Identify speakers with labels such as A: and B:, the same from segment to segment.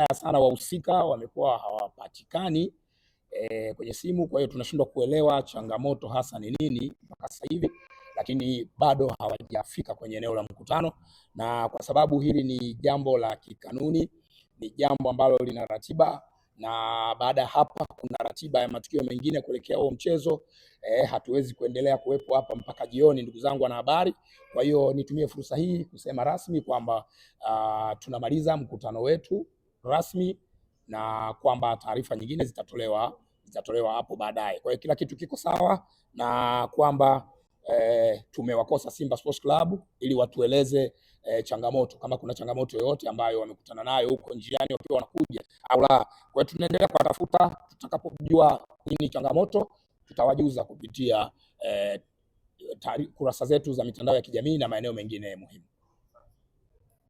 A: vibaya sana, wahusika wamekuwa hawapatikani e, kwenye simu. Kwa hiyo tunashindwa kuelewa changamoto hasa ni nini mpaka sasa hivi, lakini bado hawajafika kwenye eneo la mkutano, na kwa sababu hili ni jambo la kikanuni, ni jambo ambalo lina ratiba na baada ya hapa kuna ratiba ya matukio mengine kuelekea huo mchezo eh, hatuwezi kuendelea kuwepo hapa mpaka jioni, ndugu zangu wanahabari. Kwa hiyo nitumie fursa hii kusema rasmi kwamba uh, tunamaliza mkutano wetu rasmi na kwamba taarifa nyingine zitatolewa zitatolewa hapo baadaye. Kwa hiyo kila kitu kiko sawa na kwamba e, tumewakosa Simba Sports Club ili watueleze e, changamoto kama kuna changamoto yoyote ambayo wamekutana nayo huko njiani wakiwa wanakuja au la. Kwa hiyo tunaendelea kuwatafuta, tutakapojua nini changamoto tutawajuza kupitia e, kurasa zetu za mitandao ya kijamii na maeneo mengine muhimu.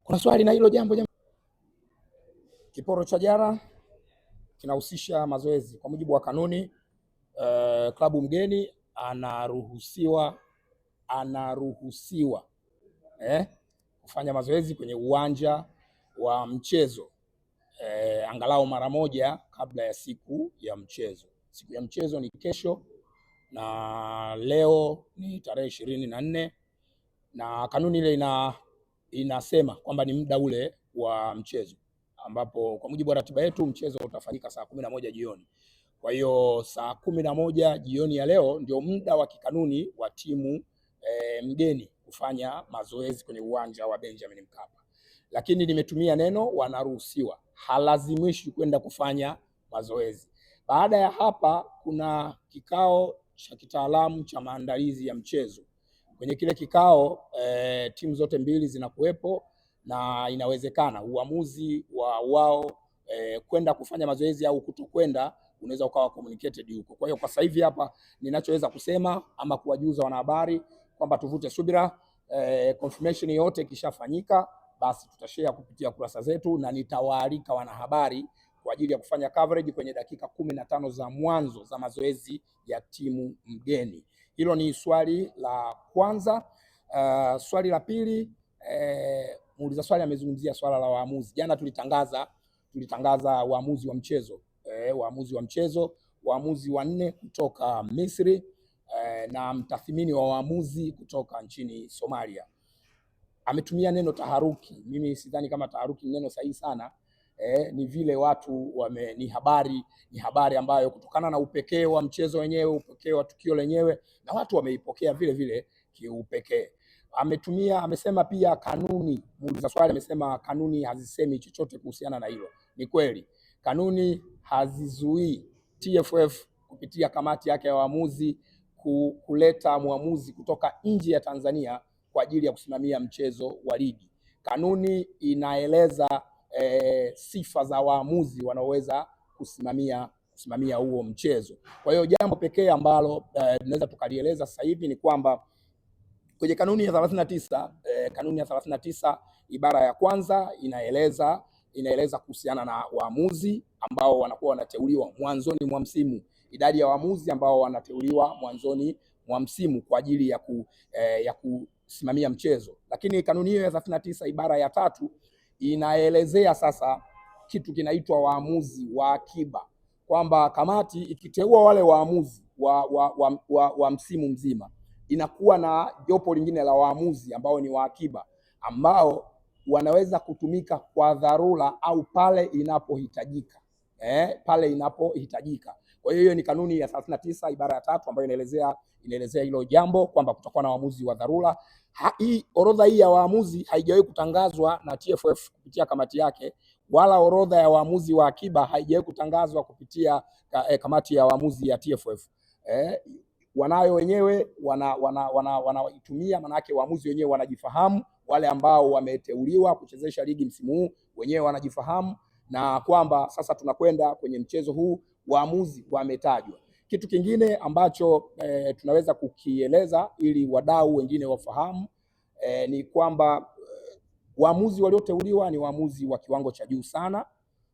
A: Kuna swali na hilo jambo jambo Kiporo cha jana kinahusisha mazoezi kwa mujibu wa kanuni. Uh, klabu mgeni anaruhusiwa anaruhusiwa eh, kufanya mazoezi kwenye uwanja wa mchezo eh, angalau mara moja kabla ya siku ya mchezo. Siku ya mchezo ni kesho na leo ni tarehe ishirini na nne na kanuni ile ina, inasema kwamba ni muda ule wa mchezo ambapo kwa mujibu wa ratiba yetu mchezo utafanyika saa kumi na moja jioni. Kwa hiyo saa kumi na moja jioni ya leo ndio muda wa kikanuni wa timu e, mgeni kufanya mazoezi kwenye uwanja wa Benjamin Mkapa, lakini nimetumia neno wanaruhusiwa, halazimishi kwenda kufanya mazoezi. Baada ya hapa, kuna kikao cha kitaalamu cha maandalizi ya mchezo. Kwenye kile kikao e, timu zote mbili zinakuwepo na inawezekana uamuzi wa wao e, kwenda kufanya mazoezi au kutokwenda unaweza ukawa communicated huko. Kwa hiyo kwa sasa hivi hapa ninachoweza kusema ama kuwajuza wanahabari kwamba tuvute subira e, confirmation yote ikishafanyika basi tutashare kupitia kurasa zetu na nitawaalika wanahabari kwa ajili ya kufanya coverage kwenye dakika kumi na tano za mwanzo za mazoezi ya timu mgeni. Hilo ni swali la kwanza. Uh, swali la pili eh, muuliza swali amezungumzia swala la waamuzi. Jana tulitangaza tulitangaza waamuzi wa mchezo e, waamuzi wa mchezo waamuzi wanne kutoka Misri e, na mtathimini wa waamuzi kutoka nchini Somalia. Ametumia neno taharuki, mimi sidhani kama taharuki ni neno sahihi sana e, ni vile watu wame, ni habari ni habari ambayo kutokana na upekee wa mchezo wenyewe upekee wa tukio lenyewe na watu wameipokea vile vile kiupekee ametumia amesema pia kanuni, muuliza swali amesema kanuni hazisemi chochote kuhusiana na hilo. Ni kweli kanuni hazizuii TFF kupitia kamati yake ya waamuzi kuleta mwamuzi kutoka nje ya Tanzania kwa ajili ya kusimamia mchezo wa ligi. Kanuni inaeleza e, sifa za waamuzi wanaoweza kusimamia kusimamia huo mchezo. Kwa hiyo jambo pekee ambalo eh, tunaweza e, tukalieleza sasa hivi ni kwamba Kwenye kanuni ya 39 eh, kanuni ya 39 ibara ya kwanza inaeleza inaeleza kuhusiana na waamuzi ambao wanakuwa wanateuliwa mwanzoni mwa msimu, idadi ya waamuzi ambao wanateuliwa mwanzoni mwa msimu kwa ajili ya, ku, eh, ya kusimamia mchezo. Lakini kanuni hiyo ya 39 ibara ya tatu inaelezea sasa kitu kinaitwa waamuzi wa akiba, kwamba kamati ikiteua wale waamuzi wa, wa, wa, wa, wa msimu mzima inakuwa na jopo lingine la waamuzi ambao ni waakiba ambao wanaweza kutumika kwa dharura au pale inapohitajika eh, pale inapohitajika. Kwa hiyo hiyo ni kanuni ya 39 ibara ya tatu ambayo inaelezea inaelezea hilo jambo kwamba kutakuwa na waamuzi wa dharura. Hii orodha hii ya waamuzi haijawahi kutangazwa na TFF kupitia kamati yake wala orodha ya waamuzi wa akiba haijawahi kutangazwa kupitia eh, kamati ya waamuzi ya TFF eh, wanayo wenyewe, wanaitumia wana, wana, wana maanake waamuzi wenyewe wanajifahamu, wale ambao wameteuliwa kuchezesha ligi msimu huu wenyewe wanajifahamu, na kwamba sasa tunakwenda kwenye mchezo huu waamuzi wametajwa. Kitu kingine ambacho e, tunaweza kukieleza ili wadau wengine wafahamu e, ni kwamba eh, waamuzi walioteuliwa ni waamuzi wa kiwango cha juu sana,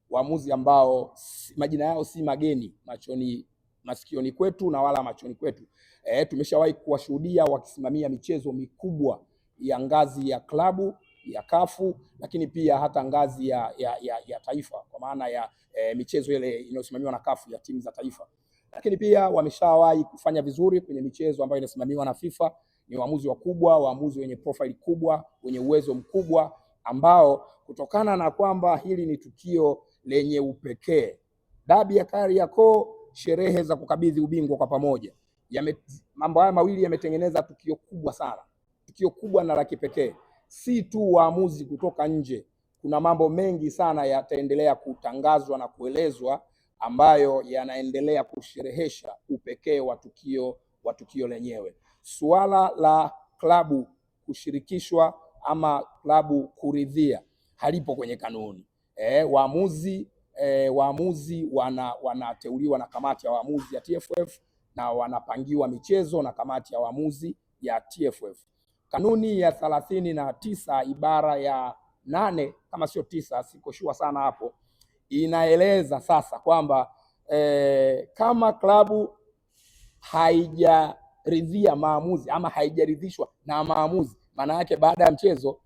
A: waamuzi ambao majina yao si mageni machoni masikioni kwetu na wala machoni kwetu. E, tumeshawahi kuwashuhudia wakisimamia michezo mikubwa ya ngazi ya klabu ya kafu lakini pia hata ngazi ya, ya, ya, ya taifa kwa maana ya e, michezo ile inayosimamiwa na kafu ya timu za taifa, lakini pia wameshawahi kufanya vizuri kwenye michezo ambayo inasimamiwa na FIFA. Ni waamuzi wakubwa, waamuzi wenye profile kubwa, wenye uwezo mkubwa, ambao kutokana na kwamba hili ni tukio lenye upekee, dabi ya Kariakoo sherehe za kukabidhi ubingwa kwa pamoja. Yame, mambo haya mawili yametengeneza tukio kubwa sana, tukio kubwa na la kipekee, si tu waamuzi kutoka nje. Kuna mambo mengi sana yataendelea kutangazwa na kuelezwa ambayo yanaendelea kusherehesha upekee wa tukio wa tukio lenyewe. Suala la klabu kushirikishwa ama klabu kuridhia halipo kwenye kanuni. E, waamuzi e, waamuzi wana wanateuliwa na kamati ya waamuzi ya TFF na wanapangiwa michezo na kamati ya waamuzi ya TFF. Kanuni ya thelathini na tisa ibara ya nane kama sio tisa, sikoshua sana hapo, inaeleza sasa kwamba e, kama klabu haijaridhia maamuzi ama haijaridhishwa na maamuzi, maana yake baada ya mchezo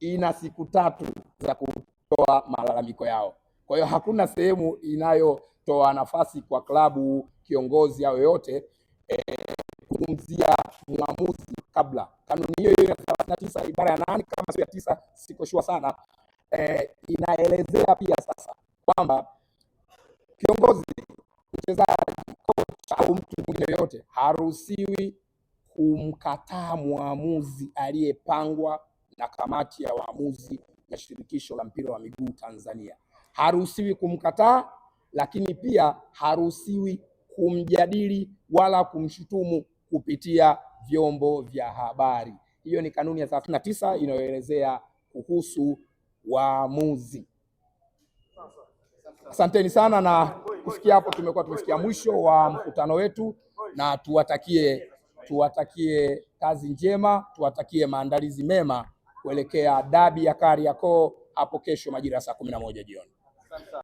A: ina siku tatu za kutoa malalamiko yao. Kwa hiyo hakuna sehemu inayotoa nafasi kwa klabu, kiongozi au yoyote e, mwamuzi kabla. Kanuni hiyo hiyo ya thelathini na tisa ibara ya nane kama sio ya tisa, sikoshua sana e, inaelezea pia sasa kwamba kiongozi, mchezaji, kocha au mtu mwingine yoyote haruhusiwi kumkataa mwamuzi aliyepangwa na kamati ya waamuzi ya shirikisho la mpira wa miguu Tanzania haruhusiwi kumkataa, lakini pia haruhusiwi kumjadili wala kumshutumu kupitia vyombo vya habari. Hiyo ni kanuni ya thelathini na tisa inayoelezea kuhusu waamuzi. Asanteni sana, na kufikia hapo tumekuwa tumefikia mwisho wa mkutano wetu, na tuwatakie tuwatakie kazi njema, tuwatakie maandalizi mema kuelekea dabi ya Kariakoo hapo kesho majira ya saa kumi na moja jioni. Thumbs up.